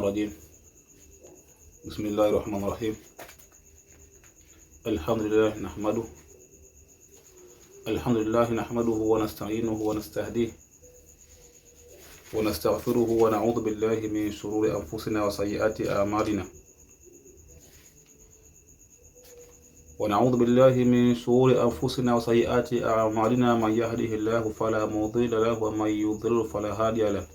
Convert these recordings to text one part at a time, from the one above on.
الرجيم بسم الله الرحمن الرحيم الحمد لله نحمده الحمد لله نحمده ونستعينه ونستهديه ونستغفره ونعوذ بالله من شرور أنفسنا وسيئات أعمالنا ونعوذ بالله من شرور أنفسنا وسيئات أعمالنا من يهده الله فلا مضل له ومن يضلل فلا هادي له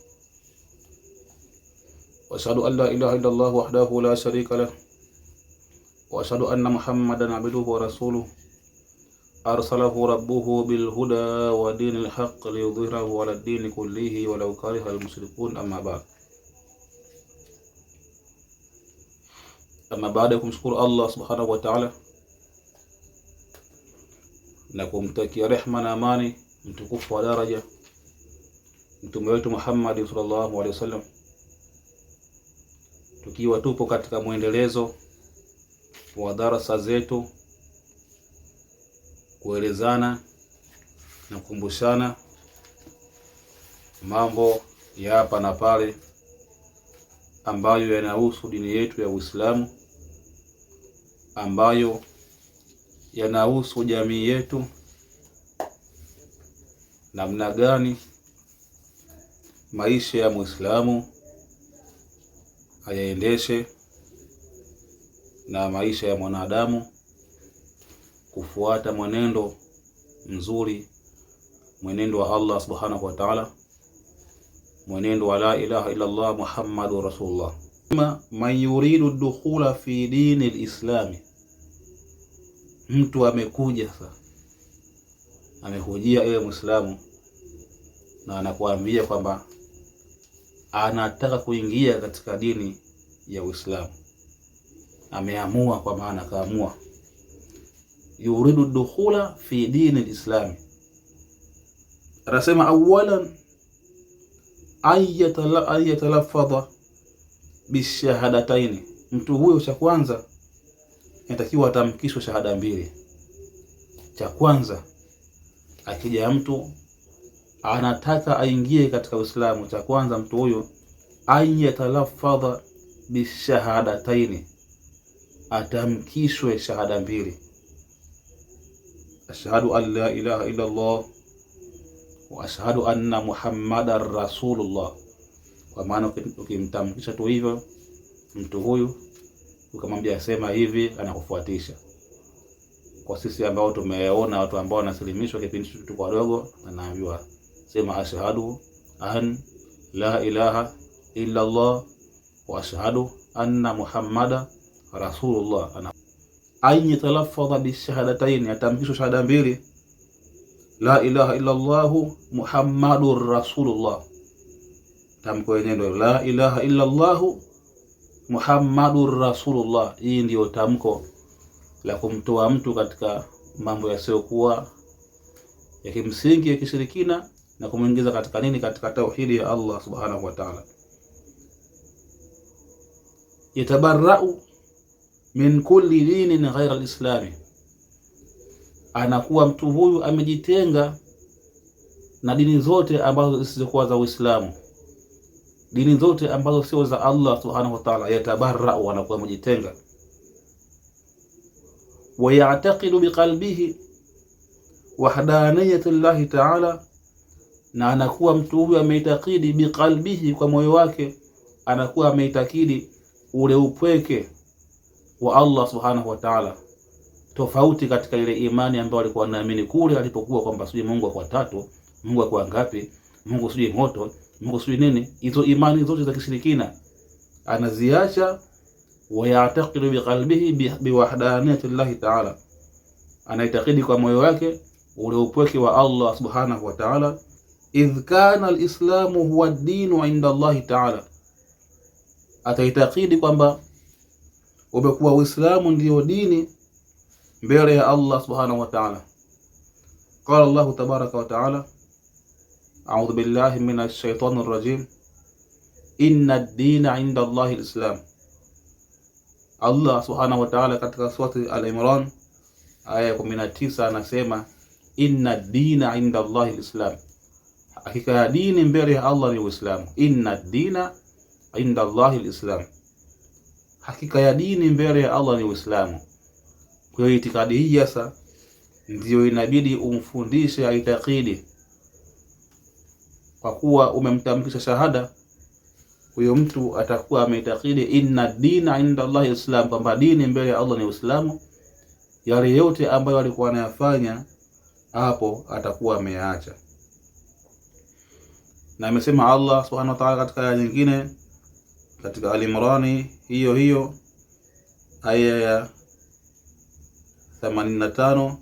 وأشهد أن لا إله إلا الله وحده لا شريك له وأشهد أن محمدا عبده ورسوله أرسله ربه بالهدى ودين الحق ليظهره على الدين كله ولو كره المشركون أما بعد أما بعد أشكر الله سبحانه وتعالى نكم تكي رحمة أماني na amani درجة wa daraja محمد صلى الله عليه وسلم tukiwa tupo katika mwendelezo wa darasa zetu, kuelezana na kukumbushana mambo ya hapa na pale ambayo yanahusu dini yetu ya Uislamu, ambayo yanahusu jamii yetu, namna gani maisha ya Muislamu ayaendeshe na maisha ya mwanadamu kufuata mwenendo mzuri, mwenendo wa Allah subhanahu wa ta'ala, mwenendo wa la ilaha illa Allah Muhammadu rasulullah. Man yuridu dukhula fi dini lislami, mtu amekuja sasa, amekujia ewe Muislamu na anakuambia kwamba anataka kuingia katika dini ya Uislamu, ameamua kwa maana akaamua, yuridu dukhula fi dini lislami, anasema awalan an bishahadataini, mtu huyo cha kwanza inatakiwa atamkishwe shahada mbili. Cha kwanza akija mtu anataka aingie katika Uislamu, cha kwanza mtu huyo anyatalafadha bishahadataini, atamkishwe shahada mbili, ashhadu an la ilaha illa Allah wa ashhadu anna muhammadan rasulullah. Kwa maana ukimtamkisha tu hivyo mtu huyu ukamwambia asema hivi, anakufuatisha. Kwa sisi ambao tumeona watu ambao wanasilimishwa kipindi tuko wadogo, anaambiwa sema ashhadu an la ilaha illa Allah wa ashhadu anna Muhammada rasulullah. Anytalafadha bishahadataini, yatamkisho shahada mbili, la ilaha illa Allah Muhammadur rasulullah. Tamko yenyewe ndio la ilaha illa Allah Muhammadur rasulullah. Hii ndiyo tamko la kumtoa mtu katika mambo yasiyokuwa ya kimsingi ya kishirikina na kumwingiza katika nini? Katika tauhidi ya Allah subhanahu wa ta'ala. Yatabarrau min kulli dinin ghaira alislami, anakuwa mtu huyu amejitenga na dini zote ambazo zisizokuwa za Uislamu, dini zote ambazo sio za Allah subhanahu wa ta'ala. Yatabarrau, anakuwa amejitenga. Wa biqalbihi wahdaniyat llahi ta'ala na anakuwa mtu huyu ameitakidi biqalbihi, kwa moyo wake, anakuwa ameitakidi ule upweke wa Allah subhanahu wa ta'ala, tofauti katika ile imani ambayo alikuwa anaamini kule alipokuwa kwamba sijui Mungu kwa tatu, Mungu kwa ngapi, Mungu sijui moto, Mungu sijui nini. Hizo imani zote za kishirikina anaziacha, wayatakidu biqalbihi biwahdaniyati llahi ta'ala, anaitakidi kwa moyo wake ule upweke wa Allah subhanahu wa ta'ala إذ كان الإسلام هو الدين عند الله تعالى أتيتقيد كما وبكوا الإسلام ديو ديني بيري الله سبحانه وتعالى قال الله تبارك وتعالى أعوذ بالله من الشيطان الرجيم إن الدين عند الله الإسلام الله سبحانه وتعالى كتك سورة الإمران آية من التيسة نسيمة إن الدين عند الله الإسلام hakika ya dini mbele ya Allah ni Uislamu. Inna dina inda Allahi lislam, hakika ya dini mbele ya Allah ni Uislamu. Kwa hiyo itikadi hii sasa ndiyo inabidi umfundishe aitakidi, kwa kuwa umemtamkisha shahada huyo mtu atakuwa ameitakidi inna dina inda Allahi lislam, kwamba dini mbele ya Allah ni Uislamu. Yale yote ambayo alikuwa anayafanya hapo atakuwa ameyaacha na amesema Allah subhanahu wa ta'ala katika aya nyingine katika Al-Imran hiyo hiyo aya ya 85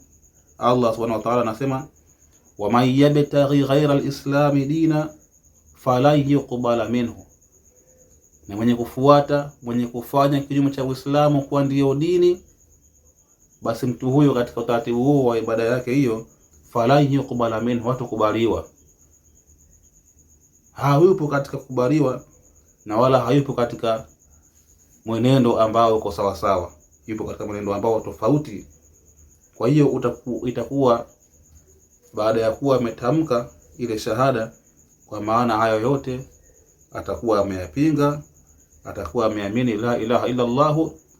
Allah subhanahu wa ta'ala anasema waman yabtaghi ghaira lislami dina falan yuqbala minhu, na mwenye kufuata mwenye kufanya kinyume cha Uislamu kuwa ndio dini, basi mtu huyo katika utaratibu huo wa ibada yake hiyo, falan yuqbala minhu, kubaliwa hayupo katika kukubaliwa na wala hayupo katika mwenendo ambao uko sawasawa, yupo katika mwenendo ambao tofauti. Kwa hiyo itakuwa baada ya kuwa ametamka ile shahada, kwa maana hayo yote atakuwa ameyapinga, atakuwa ameamini la ilaha illa Allah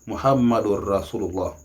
muhammadur rasulullah.